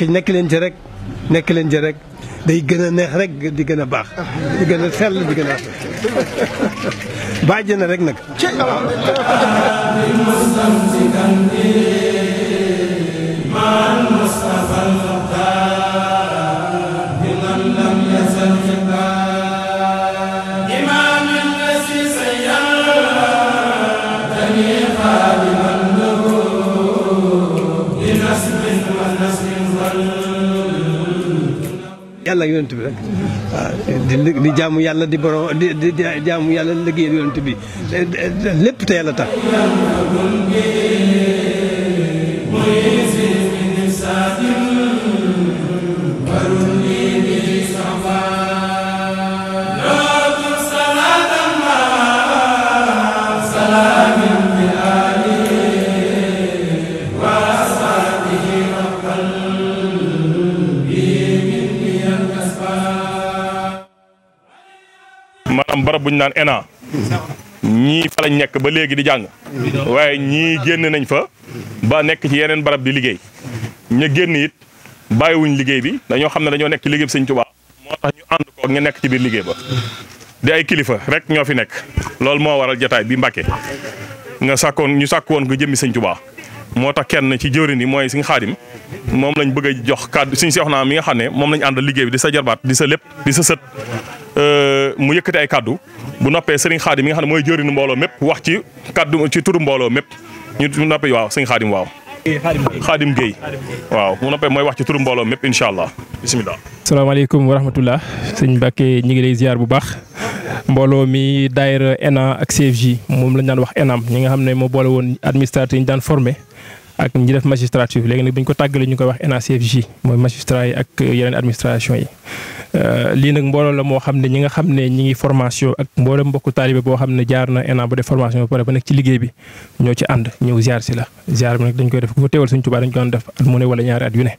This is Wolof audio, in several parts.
nekk nekk leen ci rek nekk leen ci rek day gën a neex rek di gën a baax di gën a sell di gën a bàjj na rek nag man yàlla ak yonent bi rek waaw di jaamu yàlla di borom di di jaamu yàlla liggéeyal yonent bi lépp te yàlla tax barab bu ñu naan ENA ñii fa lañ nekk ba léegi di jàng waaye ñii génn nañ fa ba nekk ci yeneen barab di liggéey ña génn it bàyyiwuñ liggéey bi dañoo xam ne dañoo nekk ci liggéey bi sëñ Tuubaa moo tax ñu ànd ko nekk ci biir liggéey ba di ay rek ñoo fi nekk loolu moo waral jataay bi Mbàkke nga sàkkoon ñu sàkk woon ko jëmmi sëñ Tuubaa moo tax kenn ci jëwrin yi mooy sëñ Xaadim moom lañ bëgg a jox kàddu sëñ Seexuna mi nga xam ne moom lañ ànd liggéey bi di sa jarbaat di sa lépp di sa sët euh, mu yëkkati ay kàddu bu noppee sëriñ xaadim mi nga xam ne mooy jëriñu mbooloo mépp wax ci kaddu ci turu mbooloo mépp ñu noppee waaw sëriñ xaadim waaw. xaadim Guèye waaw mu noppee mooy wax ci turu mbooloo mépp incha allah bisimilah. asalaamaaleykum wa rahmatullah sëñ Mbacke ñu ngi lay ziar bu baax. mbooloo mi daayira ENA ak CFJ moom lañ daan wax ENAM ñi nga xam ne moo boole woon administrateur yi ñu daan formé ak ñi def magistrature léegi nag bu ko tàggalee ñu koy wax NACFJ mooy magistrat yi ak euh, yeneen administration yi. Euh, lii nag mbooloo la moo xam ne ñi nga xam ne ñi ngi formation ak mboolem mbokku taalibe boo xam ne jaar na ENA ba def formation ba pare ba nekk liggéey bi ñoo ci ànd ñëw ziar si la ziar bi dañ koy def ku fa teewal suñ Tuubaa dañ ko def at mu ne wala ñaari at yu ne.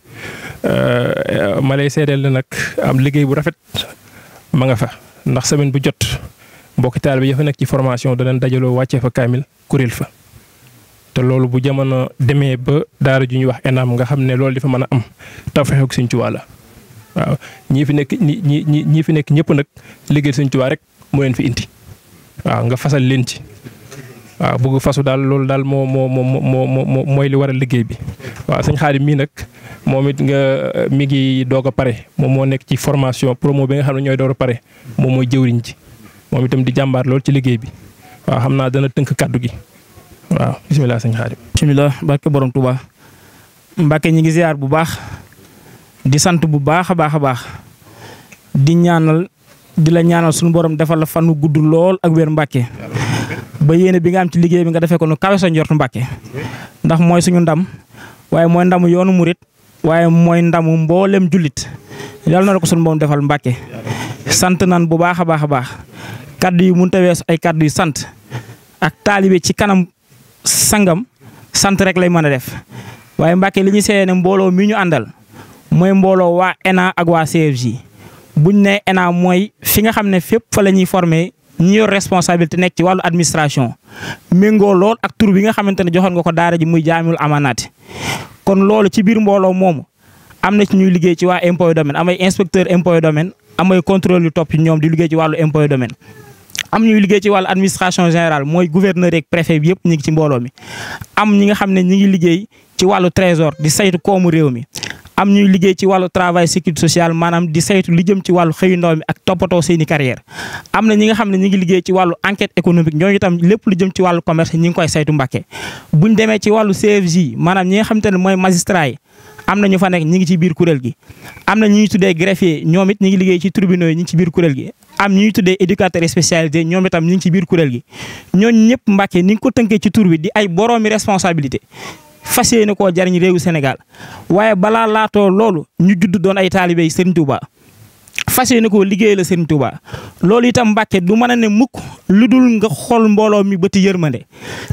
Euh, ma lay seedeel na nag am liggéey bu rafet ma nga fa ndax semaine bu jot mbokki taalibe ya fa nekk ci formation danañ dajaloo wàccee fa kaamil kuréel fa. te loolu bu jamono demee ba daara ju ñuy wax ENAM nga xam ne loolu dafa mën a am tawfeex ak Sëñ Tuubaa la waaw ñii fi nekk ñi ñii fi nekk ñëpp nag liggéey Sëñ Tuubaa rek moo leen fi indi waaw nga fasal leen ci. waaw bëgg fasu daal loolu daal moo moo moo mooy li war a liggéey bi waaw sañ Xaadim mii nag moom it nga mi ngi doog a pare moom moo nekk ci formation promo bi nga xam ne ñooy door pare moom mooy jëwriñ ji moom itam di jàmbaar loolu ci liggéey bi waaw xam naa dana tënk kàddu gi. waaw bisimilah sëñ Xaadim. bisimilah barke borom Touba Mbacke ñi ngi ziar bu baax di sant bu baax a baax a baax di ñaanal di la ñaanal suñu borom defal la fanu gudd lool ak wér Mbacke ba yéene bi nga am ci liggéey bi nga defee ko nu kawe sa njort Mbacke ndax mooy suñu ndam waaye mooy ndamu yoonu murit waaye mooy ndamu mboolem jullit yàlla na la ko suñu borom defal Mbacke sant nan bu baax a baax a baax kaddu yi mënut a weesu ay yu sant ak taalibe ci kanam. sangam sant rek lay mën a def waaye Mbàkke li ñu seeyee ne mbooloo mi ñu àndal mooy mbooloo waa ENA ak waa CFJ buñ ne ENA mooy fi nga xam ne fépp fa la ñuy former ñi yor responsabilité nekk ci wàllu administration méngoo lool ak tur bi nga xamante ne joxoon nga ko daara ji muy jaamul amaanaati kon loolu ci biir mbooloo moomu am na ci ñuy liggéey ci waa impôt domaine amay inspecteur impôt domaine amay contrôle yu topp ci ñoom di liggéey ci wàllu impôt domaine am ñuy liggéey ci wàllu administration générale mooy gouverneur ak préfet bi yëpp ñu ngi ci mbooloo mi am ne ñu ngi liggéey ci wàllu trésor di saytu koomu réew mi am ñuy liggéey ci wàllu travail sécurité sociale maanaam di saytu li jëm ci wàllu xëyu ndaw mi ak toppatoo seeni carrière am na ñi nga xam ne ñu ngi liggéey ci wàllu enquête économique ñooñu itam lépp lu jëm ci wàllu commerce ñi ngi koy saytu mbàkke buñ demee ci wàllu CFJ maanaam ñi nga xam te ne mooy magistrat yi am na ñu fa nekk ñi ngi ci biir kuréel gi am na ñi ñuy tuddee greffier ñoom it ñi ngi liggéey ci tribunaux yi ñi ngi ci biir kuréel gi am ñuy tuddee éducateur spécialisé ñoom itam ñu ngi ci biir kurél gi ñooñu ñëpp Mbàkke ni nga ko tënkee ci tur bi di ay boroomi responsabilité fas yéene ko jariñ réewu Sénégal waaye balaa laatoo loolu ñu judd doon ay taalibe Sëriñ Tuuba fas yéene koo liggéey la Serigne loolu itam Mbacke du mën a ne mukk lu dul nga xool mbooloo mi bëti yërmande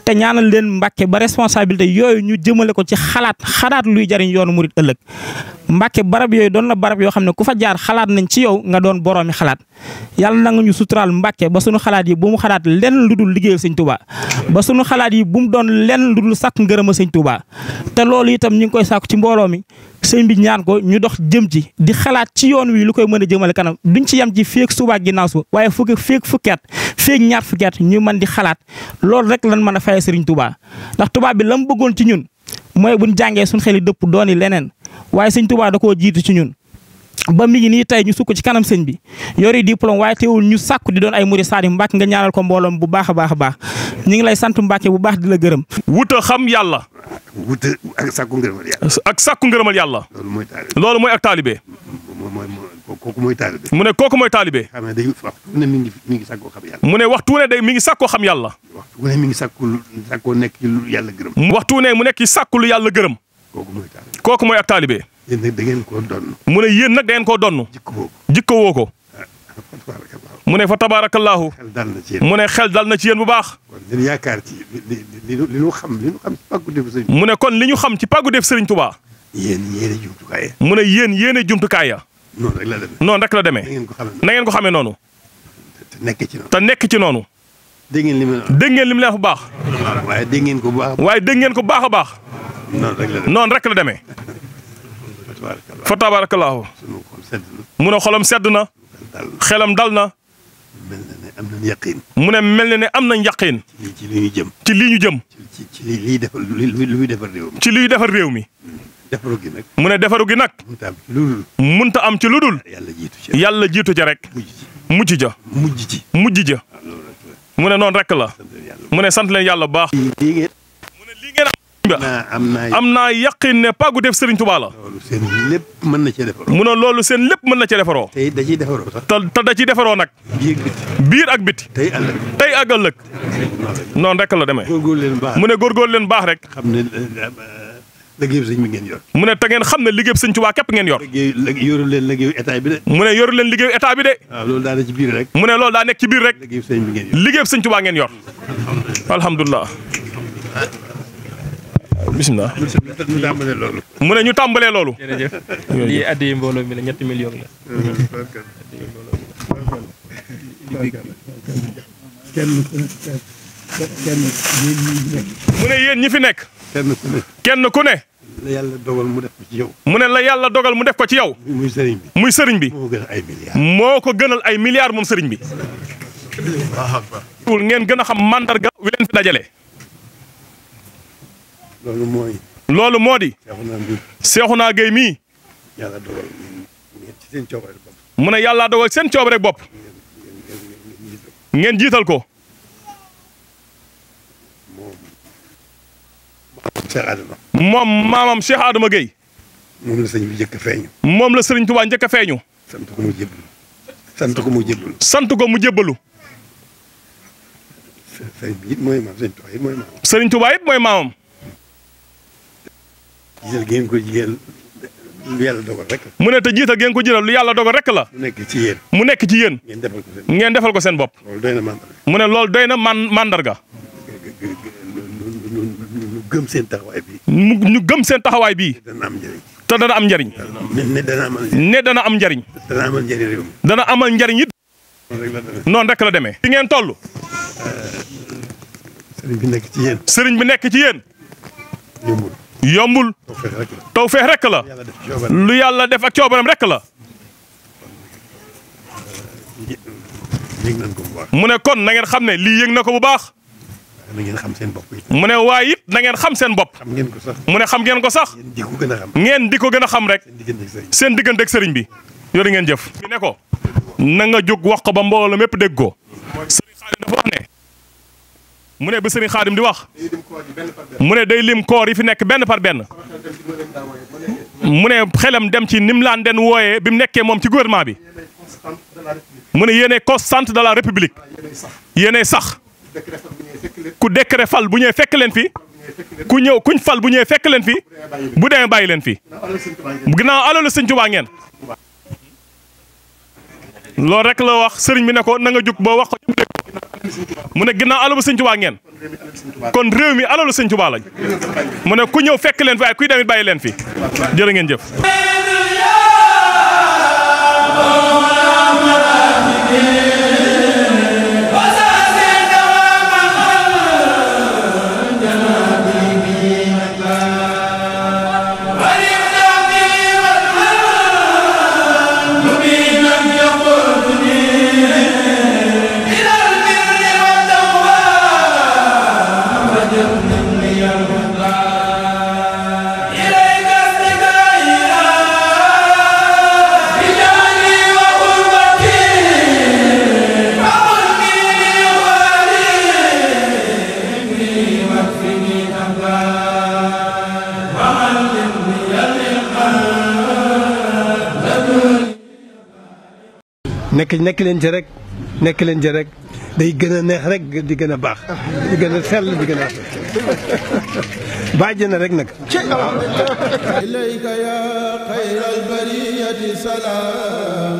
te ñaanal leen Mbacke ba responsabilité yooyu ñu jëmale ko ci xalaat xalaat luy jariñ yoonu murit ëllëg Mbacke barab yooyu doon na barab yoo xam ne ku fa jaar xalaat nañ ci yow nga doon boroomi xalaat yàlla na nga ñu ba sunu xalaat yi bu mu xalaat lenn lu dul liggéeyal Serigne Touba ba sunu xalaat yi bu mu doon lenn lu dul sàkk ngërëma Serigne Touba te loolu itam ñu ngi koy sàkku ci mbooloo mi sëñ bi ñaan ko ñu dox jëm ci di xalaat ci yoon wi lu koy mën a jëmale kanam duñ ci yem ci feek suba ginnaaw suba waaye fukki feek fukki at feek ñaar fukki at ñu mën di xalaat loolu rek lan mën a fayee sëriñ Touba ndax Touba bi la mu bëggoon ci ñun mooy buñ jàngee suñ xel yi dëpp dooni leneen waaye sëñ Touba da koo jiitu ci ñun ba mi ngi nii tey ñu sukk ci kanam sëñ bi yori diplôme waaye teewul ñu sàkku di doon ay murid Sadim Mbacke nga ñaanal ko mbooloom bu baax a baax a baax ñu ngi lay sant Mbacke bu baax di la gërëm. wuta xam yàlla. wuta ak sàkku ngërëmal yàlla. ak sàkku ngërëmal yàlla. loolu mooy taalibe loolu mooy ak taalibe. kooku mooy taalibe. mu ne kooku mooy taalibe. xam ne waxtu ne mi ngi mi ngi sàkkoo xam yàlla. mu ne waxtu ne day mi ngi sàkkoo xam yàlla. mi ngi sàkku sàkkoo nekk ci lu yàlla gërëm. waxtu ne mu nekk ci sàkku lu yàlla gërëm. kooku mooy taalibe. ak taalibe yéen da ngeen koo donn. mu ne yéen nag da ngeen koo donn. jikko woo ko jikko woo ah, mu ne fa tabaarakallaahu. xel dal na ci yéen mu ne xel dal na ci yéen bu baax. yaakaar ci li xam li ñu mu ne kon li ñu xam ci pàggu def sëriñ Tuubaa. yéen yéen a jumtukaay mu ne yéen yéen a jumtukaay ya. noonu rek la demee noonu ngeen ko xame noonu na ngeen ko xamee noonu. nekk ci noonu te nekk ci noonu. dégg ngeen dégg ngeen li mu bu baax. waaye dégg ngeen ko bu baax. waaye dégg ngeen ko baax a baax. noonu rek la demee fa tabaarakallaahu mu ne xolam sedd na xelam dal na mu ne mel na ne am na yaqin ci li jëm ci li ñu jëm ci liy defar réew mi ci liy defar réew mi defaru gi nag mu ne defaru gi nag munta am ci lu dul yàlla jiitu ca rek mujj ja mujj ja ah, mu ne noonu rek la mu ne sant leen yàlla baax nga am naa yaqin ne pàggu def Serigne Touba la. loolu seen lépp mën na cee defaroo. mu ne loolu seen lépp mën na cee defaroo. te da ciy defaroo sax. te da ciy defaroo nag. biir ak biti. tey àll tey ak ëllëg. noonu rek la demee. góorgóorlu leen mu ne góorgóorlu leen baax rek. xam ne euh, euh, liggéeyub sëñ bi ngeen yor. mu ne te ngeen xam ne liggéeyub sëñ Tuubaa képp ngeen yor. liggéey yoru leen liggéeyu état bi mu ne yoru leen liggéeyu état bi de. waaw loolu ci biir rek. mu ne loolu daa nekk ci biir rek. liggéeyub sëñ bi ngeen yor liggéeyub sëñ Tuubaa ngeen bisimilah. ñu tàmbalee loolu. mu ne ñu tàmbalee loolu. jërëjëf lii addi mbooloo mi la ñetti million yéen ñi fi nekk. kenn ku ne. kenn dogal mu def ci yow. mu ne la yàlla dogal mu def ko ci yow. muy sëriñ bi muy sëriñ bi. moo ko gënal ay milliards. moo ko gënal ay milliards moom sëriñ bi. ngeen gën a xam mandarga wi leen fi dajale. loolu mooy. loolu moo di. Seexuna Géey mii. yàlla dogal ci seen coobare bopp. mu ne yàlla dogal seen coobare bopp. ngeen jiital ko. moom maamam Cheikh Adama Gueye. moom la sëñ bi njëkk a feeñu. moom la sëriñ Tuubaa njëkk a feeñu. sant ko mu ko mu sant ko mu jébbalu. sëriñ bi mooy maam sëriñ mooy maamam. jiital ngeen ko jël lu yàlla mu ne te jiital ngeen ko jëlal lu yàlla dogal rek la. mu nekk ci yéen. mu nekk ci yéen. ngeen defal ko seen ngeen defal ko seen bopp. loolu na mandarga. mu ne loolu doy na man mandarga. ñu gëm seen taxawaay bi. ñu gëm seen taxawaay bi. am te dana am njëriñ. ne dana am njariñ ne dana am njëriñ. dana amal njëriñ réew mi. dana noonu rek la demee. fi ngeen toll. sëriñ bi nekk ci yéen. sëriñ bi nekk ci yéen. yombul taw tawfeex rek la lu yàlla def ak coobaram rek la mu ne kon na ngeen xam ne lii yëg na ko bu baax mu ne waaye it na ngeen xam seen bopp mu ne xam ngeen ko sax ngeen di ko gën a xam rek seen diggante sëriñ bi yori ngeen jëf. ne ko na nga jóg wax ko ba la mépp dégg ko sëriñ Xaadim dafa wax ne mu ne bi sëriñ xaadim di wax mu ne day lim koor yi fi nekk benn par benn mu ne xelam dem ci nim laan den wooyee bi mu nekkee moom ci gouvernement bi mu ne yéenay constante de la république yéenay sax ku décret fal bu ñëwee fekk leen fi ku ñëw kuñ fal bu ñëwee fekk leen fi bu demee bàyyi leen fi ginnaaw alalu sëñ Tuubaa ngeen loolu rek la wax sëriñ bi ne ko na nga jug boo wax ko mu ne ginnaaw alalu sëñ ngeen kon réew mi alalu sëñ mu ne ku ñëw fekk leen fi waaye kuy damit bay leen fi jërë ngeen jëf Yeah. nekk nekk leen ci rek nekk leen ci rek day gën a neex rek di gën a baax di gën a sell di gën a bàjj na rek nag ilayka ya xayral bariyati salaam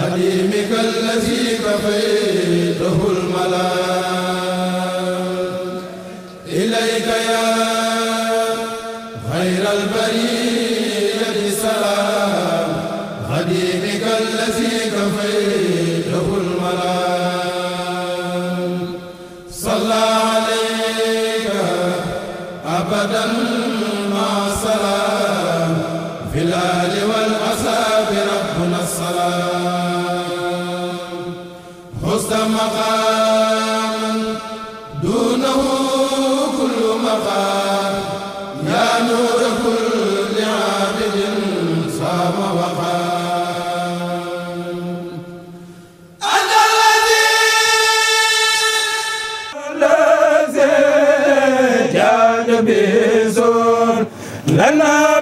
xadimika allazi lana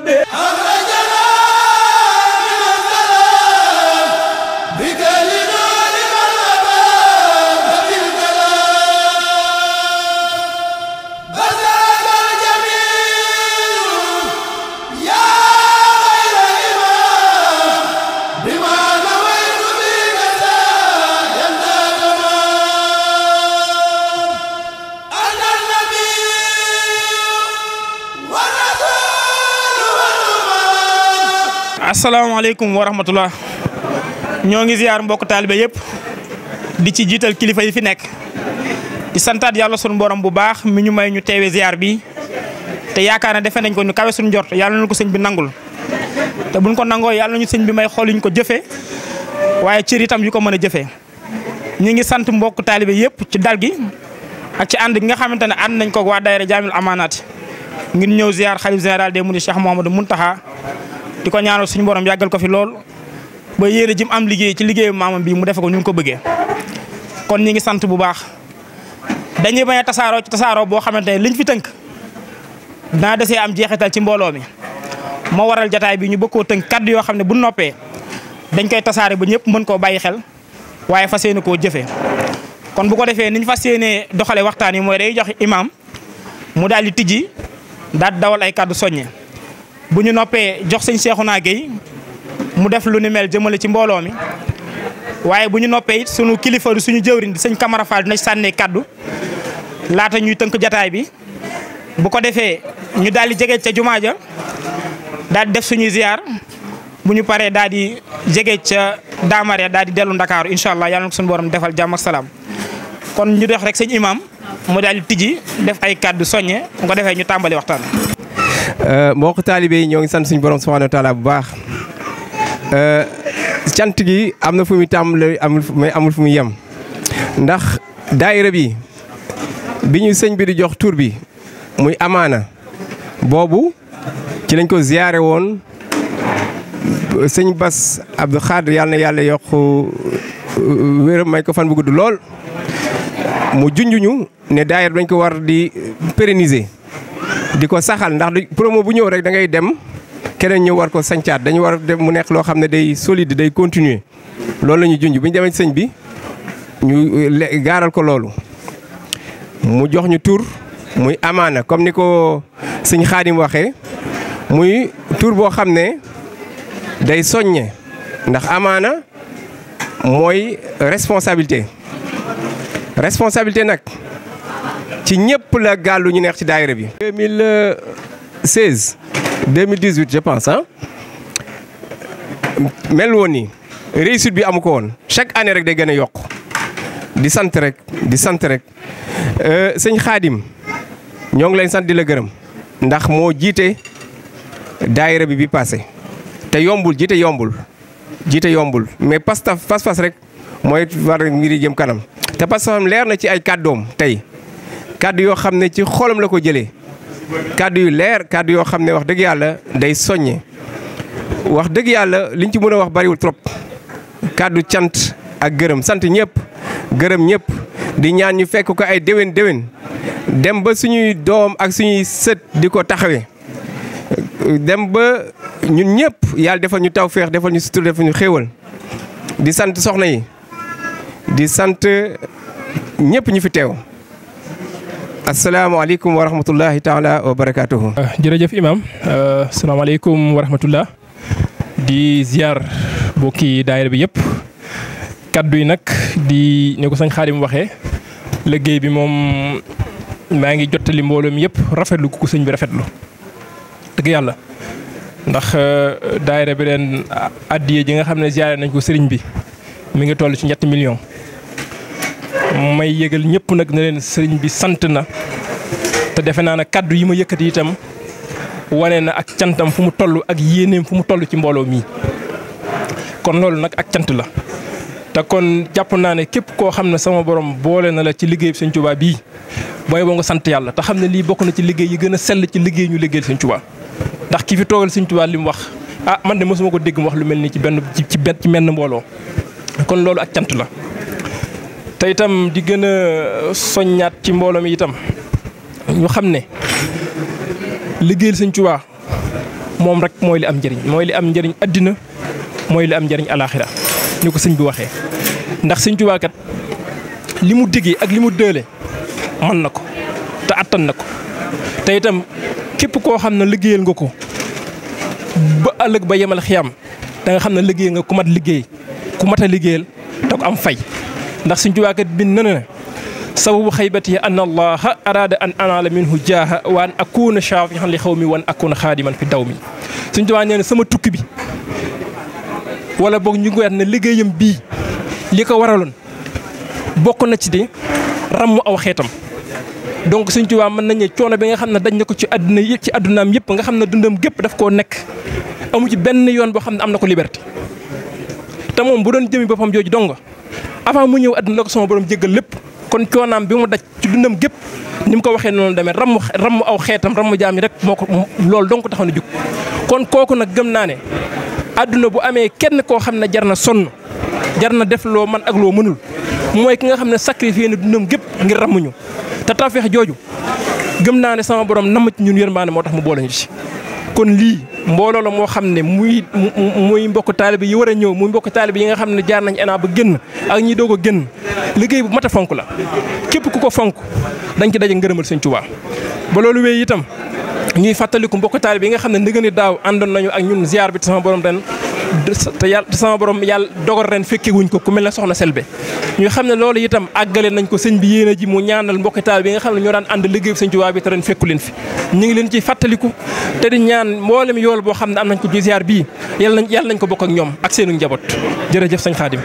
asalaamaaleykum wa rahmatullah ñoo ngi ziar mbokk taalibe yépp di ci jiital kilifa yi fi nekk di santaat yàlla sunu borom bu baax mi ñu may ñu teewe ziar bi te yaakaar na defe nañ ko ñu kawe njort yàlla na ko sëñ bi nangul te buñ ko nangoo yàlla nañu sëñ bi may xool ñu ko jëfee waaye cër itam yu ko mën a jëfee ñu ngi sant mbokk taalibe yëpp ci dal gi ak ci ànd gi nga xamante ne ànd nañ ko waa daayira jaamil amaanaati ngir ñëw ziar xalif général des mourides Cheikh Mouhamadou di ko ñaanal suñu borom yàggal ko fi lool ba yéene jim am liggéey ci liggéeyu maamam bi mu defe ko ñu ko bëggee kon ñi ngi sant bu baax dañuy bañ a tasaaroo ci tasaaroo boo xamante ne liñ fi tënk daa desee am jeexital ci mbooloo mi moo waral jataay bi ñu bëgg koo tënk kaddu yoo xam ne bu noppee dañ koy tasaare ba ñëpp mën koo bàyyi xel waaye fas yéene koo jëfee kon bu ko defee niñ fas yéenee doxale waxtaan yi mooy day joxe imaam mu daal di tijji daal dawal ay kaddu soññe bu ñu noppee jox sëñ naa Gueye mu def lu ni mel jëmale ci mbooloo mi waaye bu ñu noppee it sunu kilifa suñu jëwriñ di sëñ Camara Fall na sànnee kàddu laata ñuy tënk jataay bi bu ko defee ñu daal di jege ca jumaa ja daal di def suñuy ziar bu ñu paree daal di jege ca daamare daal di dellu Ndakaaru incha allah yàlla na suñu borom defal jàmm salaam kon ñu dox rek sëñ imam mu daal di tijji def ay kàddu soññe bu ko defee ñu tàmbali waxtaan. Euh, mbokk taalibe yi ñoo ngi sant suñ borom subhaanahu wa taala bu baax euh, cant gi am na fu muy tàmbali amul amul fu muy yem ndax daayira bi bi ñu sëñ bi di jox tur bi muy amaana boobu ci lañ ko ziyaare woon sëñ Bas Abdou Khadre yàlla yàlla yokk euh, wéram may ko fan bu gudd lool mu junjuñu ne daayira dañ ko war di pérenniser. di ko saxal ndax du promo bu ñëw rek da ngay dem keneen ñëw war ko sancaat dañu war dem mu nekk loo xam ne day solide day continuer loolu la ñuy junj bu ñu demee ci bi ñu euh, gaaral ko loolu mu jox ñu tur muy amaana comme ni ko sëñ Xaadim waxee muy tur boo xam ne day soññe ndax amaana mooy responsabilité responsabilité nag ci ñëpp la gàllu ñu neex ci daayira bi. 2016 2018 je pense ah mel woon ni réussite bi amu ko woon chaque année rek day gën a yokk di sant rek di sant rek euh, sëñ Xaadim ñoo ngi lay sant di la gërëm ndax moo jiite daayira bi bi passé te yombul jiite yombul jiite yombul mais pas pas pas rek mooy war mbir yi jëm kanam te pas leer na ci ay kàddoom tey. kàddu yoo xam ne ci xolam la ko jëlee kàddu yu leer kàddu yoo xam ne wax dëgg yàlla day soññe wax dëgg yàlla liñ ci mën a wax bariwul trop kàddu cant ak gërëm sant ñëpp gërëm ñëpp di ñaan ñu fekk ko ay déwén déwén dem ba suñuy doom ak suñuy sët di ko taxawee dem ba ñun ñëpp yàlla defal ñu taw féex defal ñu sutur defal ñu xéewal di sant soxna yi di sant ñëpp ñu fi teew asalaamaaleykum wa rahmatullahi taala wa barakaatuhu. Uh, jërëjëf imam uh, asalaamaaleykum wa rahmatullah di ziar bokki daayira bi yëpp kaddu yi nag di ne ko sañ xaadim waxee liggéey bi moom maa ngi jottali mbooloo mi yëpp rafetlu ku ko sëñ bi rafetlu dëgg yàlla. ndax uh, daayira bi ren addiye ji nga xam ne ziare nañ ko sëriñ bi mu ngi toll ci ñetti million may yégal ñëpp nag na leen sëriñ bi sant na te defe naa ne kàddu yi ma yëkkati itam wane na ak cantam fu mu toll ak yéeneem fu mu toll ci mbooloo mi kon loolu nag ak cant la. te kon jàpp naa ne képp koo xam ne sama borom boole na la ci liggéey Sëñ Tuubaa bii booy boo nga sant yàlla te xam ne lii bokk na ci liggéey yi gën a sell ci liggéey ñu liggéeyal Sëñ Tuubaa ndax ki fi toogal Sëñ Tuubaa li mu wax ah man de mosuma ko dégg mu wax lu mel nii ci benn ci benn menn mbooloo kon loolu ak cant la. te itam di gën a soññaat ci mbooloo mi itam ñu xam ne liggéeyal Sëñ moom rek mooy li am njëriñ mooy li am njariñ àddina mooy li am njëriñ alaaxira ñu ko sëñ bi waxee ndax Sëñ kat li mu diggee ak li mu dëële man na ko te attan na ko te itam képp koo xam ne liggéeyal nga ko ba àllëg ba yemal xiyam danga xam na liggéey nga ku mat liggéey ku mat a liggéeyal te ko am fay ndax suñ tubaa kat bind na ne sababu xaybati an allaha araada an anaala minhu jaaha wa an akuna shafihan li xawmi wa an akuna xaadiman fi daw mi suñ tubaa nee na sama tukki bi wala boog ñu ngi liggéeyam bii li ko waraloon bokk na ci di ràmm aw xeetam donc suñ tubaa mën nañu coono bi nga xam ne dañ ne ko ci àdduna yëpp ci àddunaam yëpp nga xam ne dundam gépp daf koo nekk amu ci benn yoon boo xam ne am na ko liberté te moom bu doon jëmi boppam jooju dong avant mu ñëw àdduna la ko sama borom jéggal lépp kon coonaam bi mu daj ci dundam gépp ni mu ko waxee noonu demee ramm ramm aw xeetam ramm jaam yi rek moo ko loolu donc taxaw na jug kon kooku nag gëm naa ne àdduna bu amee kenn koo xam ne jar na sonn jar na def loo man ak loo mënul mooy ki nga xam ne sacrifié na dundam gépp ngir rammuñu te tawfeex jooju gëm naa ne sama borom namm ci ñun yërmaane moo tax mu boole ñu ci. kon lii mbooloo la moo xam ne muy muy mbokk taalibe yi war a ñëw muy mbokk taalibe yi nga xam ne jaar nañ ENA ba génn ak ñi doog ko génn liggéey bu mat a fonk la képp ku ko fonk dañ ci daje ngërëmal Sëñ Tuubaa ba loolu wéy itam ñuy fàttaliku mbokk taalibe yi nga xam ne ndëgëni daaw àndoon nañu ak ñun ziar bi te sama borom ren te yàlla sama borom yàlla dogal ren fekke ko ku mel ne soxna Selbe ñu xam ne loolu itam àggale nañ ko sëñ bi yéene ji mu ñaanal mbokki taal bi nga xam ne ñoo daan ànd liggéey sëñ Tuubaa bi te ren fekku leen ngi leen ciy fàttaliku ñaan mboolem yool boo xam ne am nañ ko ci ziar bii yàlla nañ yàlla nañ ko bokk ak ñoom ak seenu njaboot jërëjëf sëñ Xaadim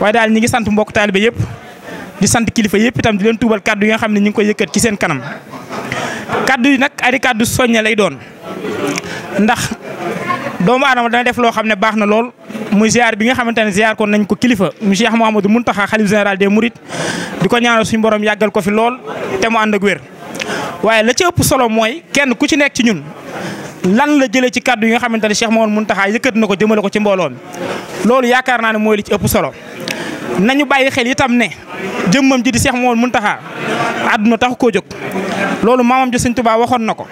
waaye daal ñu ngi sant mbokk taalibe yëpp di sant kilifa yëpp itam di leen tuubal kaddu yi nga xam ne ñu ngi koy yëkkat ci seen kanam kàddu yi nag ay kàddu soññe lay doon ndax doomu aadama dana def loo xam ne baax na lool mu ziar bi nga xamante ne ziar nañ ko kilifa mu Cheikh Mouhamadou Mountakha xalif général des murit di ko ñaanal suñu borom yàggal ko fi lool te mu ànd ak wér waaye la ci ëpp solo mooy kenn ku ci nekk ci ñun lan la jëlee ci kàddu yi nga xamante ne Cheikh Mawone Mountakha yëkkat na ko jëmale ko ci mbooloo mi loolu yaakaar naa ne mooy li ci ëpp solo nañu bàyyi xel itam ne jëmmam ji di Cheikh Mawone Mountakha àdduna taxu koo jóg loolu maamam ji Sëñ Tuubaa waxoon na ko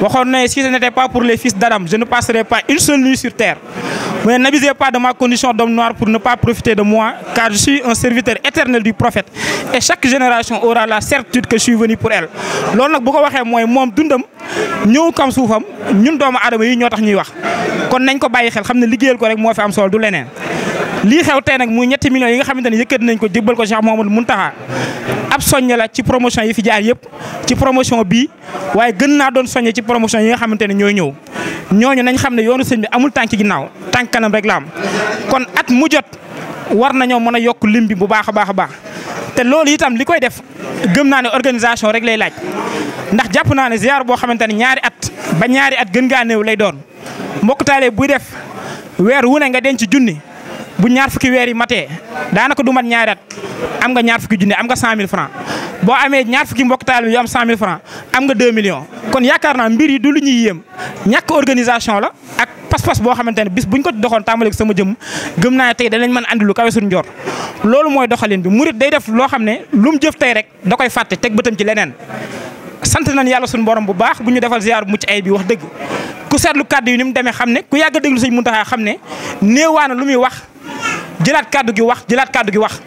waxoon na si ce n'était pas pour les fils d'Adam je ne passerai pas une seule nuit sur terre mais n'abusez pas de ma condition d'homme noir pour ne profiter de moi car je suis un serviteur éternel du prophète et chaque génération aura la certitude que je suis venu pour elle loolu nag bu ko waxee mooy ñun doomu aadama yi ñoo tax ñuy wax kon nañ ko bàyyi xel xam ne liggéeyal ko rek moo fi am solo du leneen lii xew tey nag muy ñetti millions yi nga xamante ne yëkkati nañ ko jébbal ko Cheikh Mouhamadou Mountakha ab soññe la ci promotion yi fi jaar yëpp ci promotion bii waaye gën naa doon soññe ci promotion yi nga xamante ne ñooy ñëw ñooñu nañ xam ne yoonu sëñ bi amul tànk ginnaaw tànk kanam rek la kon at mu jot war nañoo mën a yokk lim bi bu baax a baax a baax te loolu itam li koy def gëm naa ne organisation rek lay laaj ndax jàpp naa ne ziar boo xamante ne ñaari at ba ñaari at gën ngaa néew lay doon mbokk taale buy def weer wu ne nga denc junni bu ñaar fukki weer yi matee daanaka du mat ñaari at am nga ñaar fukki junni am nga 100000 francs boo amee ñaar fukki mbokk taalibe yu am 100000 francs am nga 2 millions kon yaakaar naa mbir yi du lu ñuy yéem ñàkk organisation la ak pas-pas boo xamante ne bis buñ ko doxoon tàmbaleeg sama jëm gëm naa tey danañ mën a andi lu kawe suñu njor loolu mooy doxalin bi murit day def loo xam ne lu mu jëf tey rek da koy fàtte teg bëtam ci leneen sant nañ yàlla suñu borom bu baax bu ñu defal ziar mucc ay bi wax dëgg ku seetlu kàddu yi ni mu demee xam ne ku yàgg a déglu sëñ Muntaxa xam ne néewaana lu muy wax jëlaat kàddu gi wax jëlaat kàddu gi wax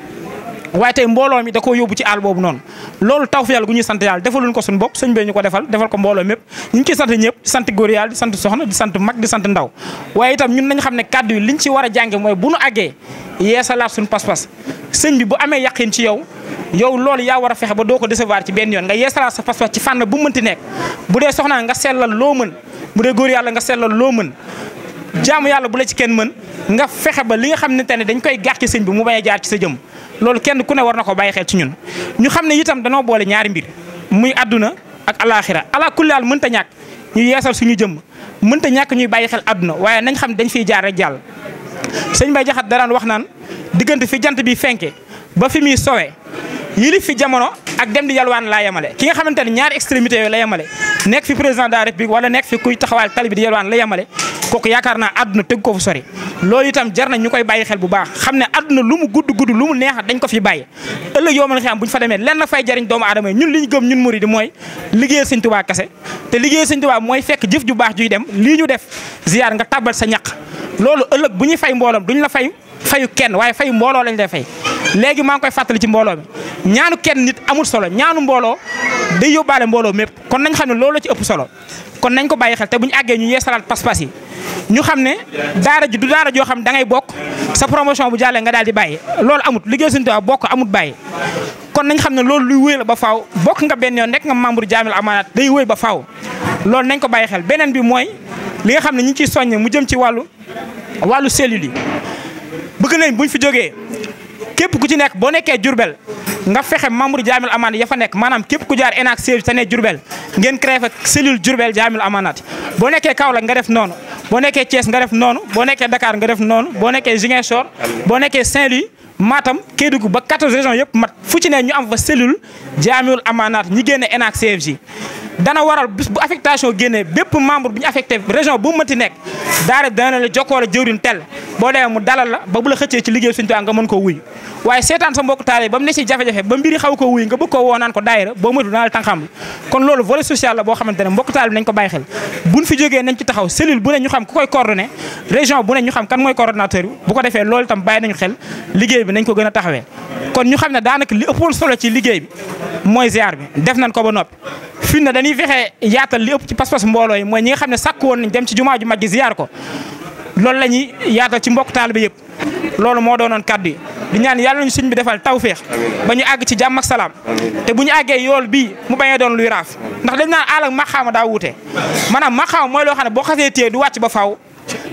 waaye tey mbooloo mi da koo yóbbu ci àll boobu noonu loolu taw fi yàlla gu ñuy sant yàlla defaluñ ko suñu bopp sëñ bee ñu ko defal defal ko mbooloo mépp ñu ngi ciy sant ñëpp di sant góor yàlla di sant soxna di sant mag di sant ndaw waaye itam ñun nañ xam ne kàddu yi ñu ci war a jànge mooy bu nu àggee yeesalaat suñu pas-pas sëñ bi bu amee yàqin ci yow yow loolu yaa war a fexe ba doo ko décevoir ci benn yoon nga yeesalaat sa pas-pas ci fànn bu mënti nekk bu dee soxnaa nga sellal loo mën bu dee góor yàlla nga sellal loo mën jaamu yàlla bu la ci kenn mën nga fexe ba li nga xam ne dañ koy gàx ci sëñ mu bañ jaar ci sa jëm loolu kenn ku ne war na ko bàyyi xel ci ñun ñu xam ne itam danoo boole ñaari mbir muy àdduna ak alaaxira ala kulli haal mënta ñàkk ñu yeesal suñu jëmm mënta ñàkk ñuy bàyyi xel àdduna waaye nañ xam dañ fiy jaar rek jàll. sëñ Baye jaxat daraan wax naan diggante fi jant bi fenke ba fi muy sowe yilif fi jamono ak dem di yalwaan laa yemale ki nga xamante ne ñaari extrémité yooyu la yemale nekk fi président de la république wala nekk fi kuy taxawal tali bi di yalwaan la yemale kooku yaakaar naa àdduna tëgg ko fu sori loolu itam jar na ñu koy bàyyi xel bu baax xam ne àdduna lu mu gudd gudd lu mu neexa dañ ko fi bàyyi ëllëg yoo mën a xam bu ñu fa demee lenn fay jariñ doomu aadama yi ñun li ñu gëm ñun murid mooy liggéeyal sëñ Tuubaa kese te liggéeyal sëñ Tuubaa mooy fekk jëf ju baax juy dem lii ñu def ziyaar nga tàbbal sa ñaq loolu ëllëg bu ñuy fay mbooloom duñ la fay fayu kenn waaye fayu mbooloo lañ lay fay léegi maa ngi koy fàttali ci mbooloo mi ñaanu kenn nit amul solo ñaanu mbooloo day yóbbaale mbooloo mépp kon nañ xam ne loolu la ci ëpp solo kon nañ ko bàyyi te bu ñu àggee ñu yeesalaat pas-pas yi ñu xam ne daara ji du daara joo xam ne da bokk sa promotion bu jàllee nga daal di bàyyi loolu amut liggéey suñu a bokk amut bàyyi kon nañ xam ne loolu luy wéy ba faw bokk nga benn yoon nekk nga membre jaamil amaanaat day wéy ba faw loolu nañ ko bàyyi xel beneen bi mooy li nga xam ne ñu ngi ciy soññe mu jëm ci wàllu wàllu cellules yi bëgg nañ fi jógee képp ku ci nekk boo nekkee Diourbel nga fexe membre jaamil amaanat ya fa nekk maanaam képp ku jaar ENAC siège te ne Diourbel ngeen créé fa cellule Diourbel jaamil amaanat boo nekkee Kaolack nga def noonu boo nekkee Thiès nga def noonu boo nekkee Dakar nga def noonu boo nekkee Ziguinchor boo nekkee Saint-Louis Matam Kédougou ba 14 régions yëpp mat fu ci ne ñu am fa cellule jaamil amaanat ñi génne ENAC CFJ dana waral bis bu affectation génnee bépp membre bu ñu affecté région bu mu mënti nekk daara dana la jokkoole jëwriñ tel boo demee mu dalal la ba bu la xëccee ci liggéey suñu tubaab nga mën koo wuy waaye seetaan sa mbokk taale ba mu ne si jafe-jafe ba mbiri xaw ko wuy nga bëgg koo bi nañ ko ku koy coordonné région bu ne ñu mooy coordonnateur bi bu ko defee loolu itam bàyyi nañu xel liggéey bi nañ ko gën a taxawee kon ñu xam ne daanaka li ëppoon solo ci liggéey bi mooy ziar bi def nañ ko ba noppi fi mu dañuy fexe yaatal li ëpp ci pas-pas mbooloo yi mooy ñi nga xam ne sàkk woon nañ dem ci jumaa mag ji ko loolu la ñuy yaatal ci mbokk taalibe yëpp loolu moo doonoon kaddu yi di ñaan yàlla nañu sëñ bi defal tawféex ba ñu àgg ci jàmm ak salaam te bu ñu àggee yool bi mu bañee doon luy raaf ndax dañ naan aal ak maxaama daa wuute maanaam maxaama mooy loo xam ne boo xasee téye du wàcc ba faw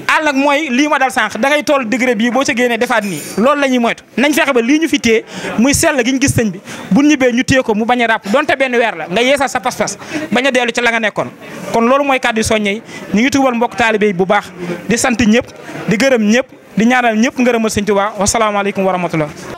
àll nag mooy lii ma dal sànq dangay toll degré bii boo ca génnee defaat nii loolu la ñuy moytu nañ fexe ba lii ñu fi téye muy sell gi ñu gis sëñ bi bu ñibbee ñu téye ko mu bañ a ràpp donte benn weer la nga yeesal sa pas-pas bañ a dellu ci la nga nekkoon kon loolu mooy kàddu soññe ñu ngi tuubal mbokk taalibe yi bu baax di sant ñëpp di gërëm ñëpp di ñaanal ñëpp ngërëmal sëñ Tuubaa wasalaamaaleykum wa rahmatullah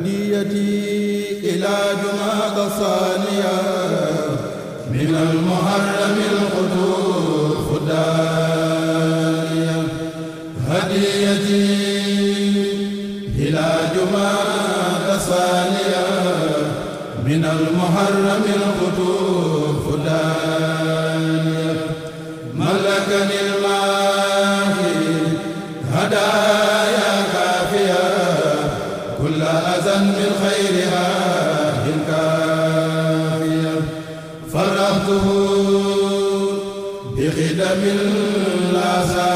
هديتي إلى جمعة صانية من المحرم الخطوف دانية هديتي إلى جمعة صانية من المحرم الخطوف دانية من لا